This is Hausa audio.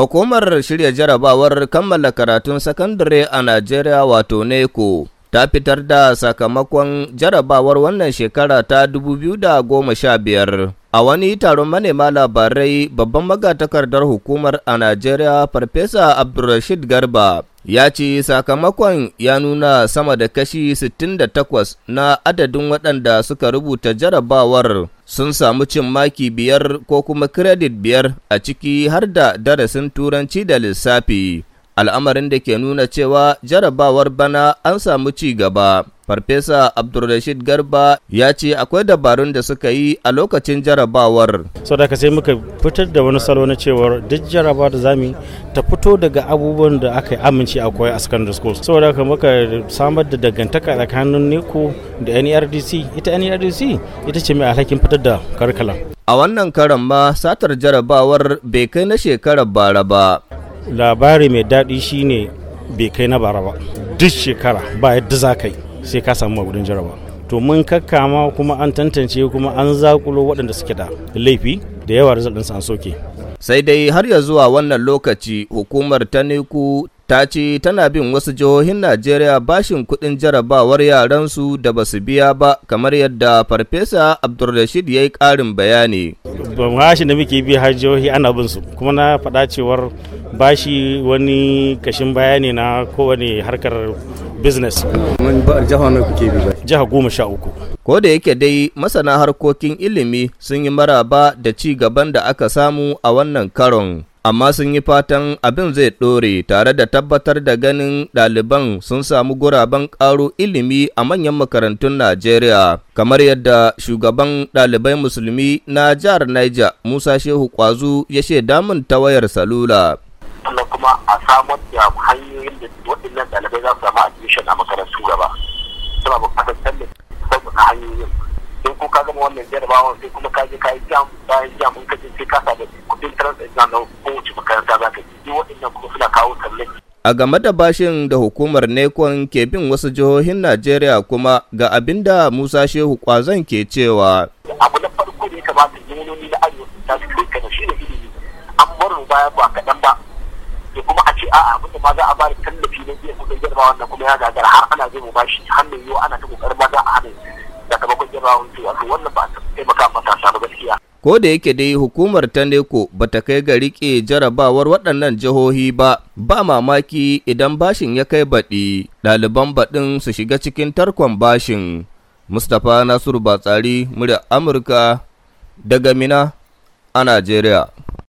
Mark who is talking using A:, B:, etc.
A: Hukumar shirya jarabawar kammala karatun sakandare a Najeriya wato NECO ta fitar da sakamakon jarabawar wannan shekara ta 2015 a wani taron manema labarai babban magatakardar hukumar a Najeriya Farfesa Abdulrashid Garba ya ce sakamakon ya nuna sama da kashi 68 na adadin waɗanda suka rubuta jarabawar sun samu cin maki biyar ko kuma kiredit biyar a ciki har da darasin turanci da lissafi. al'amarin da ke nuna cewa jarabawar bana an samu ci gaba. Farfesa Abdulrashid Garba ya ce akwai dabarun da suka yi a lokacin jarabawar.
B: Sau da sai muka fitar da wani salo na cewar duk jaraba da zami ta fito daga abubuwan da aka amince a koya a secondary school. Sau da muka samar da dangantaka tsakanin neko da NERDC. Ita NERDC ita ce mai alhakin fitar da karkala.
A: A wannan karan ma satar jarabawar bai kai na shekarar bara ba. labari mai daɗi shine bai kai na bara ba duk shekara
B: ba yadda za ka yi sai ka samu magudin jaraba to mun kakkama kuma an tantance kuma
A: an zakulo waɗanda suke da laifi da yawa da an soke sai dai har ya zuwa wannan lokaci hukumar ta niku ta ce tana bin wasu jihohin Najeriya bashin kuɗin jarabawar yaransu da basu biya ba kamar yadda Farfesa Abdulrashid ya yi ƙarin bayani. Bashin da muke bi har jihohi ana bin su kuma na faɗa
B: cewar bashi wani kashin bayani na kowane harkar business.
A: Jiha na kuke bi ba? Jiha goma sha uku. Ko da yake dai masana harkokin ilimi sun yi maraba da ci gaban da aka samu a wannan karon. amma sun yi fatan abin zai ɗore tare da tabbatar da ganin ɗaliban sun samu guraben ƙaro ilimi a manyan makarantun Najeriya, kamar yadda shugaban ɗalibai musulmi na jihar Niger Musa Shehu Kwazu ya she damun ta wayar salula. Sannan kuma a samar da hanyoyin da waɗannan ɗalibai za su samu admission a
C: makarantu gaba. Suna buƙatar tallafi sauƙaƙa hanyoyin. Don ko ka gama wannan jarabawan sai kuma ka je ka yi jam bayan jam in ka je sai ka samu kuɗin na exam
A: A game da bashin da hukumar Nekon ke bin wasu jihohin Najeriya kuma ga abin da Musa Shehu Kwazon ke cewa. Abu na farko da ya
C: kamata na Arewa su kai da shi da ilimi an bar mu baya ba kaɗan ba. Da kuma a ce a'a abin da ma za a bada tallafi na biyan kuɗin jarabawa wannan kuma ya gagara har ana zai mu bashi hannun yau ana ta ƙoƙarin ma za a hana sakamakon jarabawa wato wannan ba taimaka matasa
A: ba gaskiya. ko da yake dai hukumar ta neko ba ta kai ga riƙe jarabawar waɗannan jihohi ba ba mamaki idan bashin ya kai baɗi ɗaliban baɗin su shiga cikin tarkon bashin mustapha nasiru batsari murya amurka daga mina a najeriya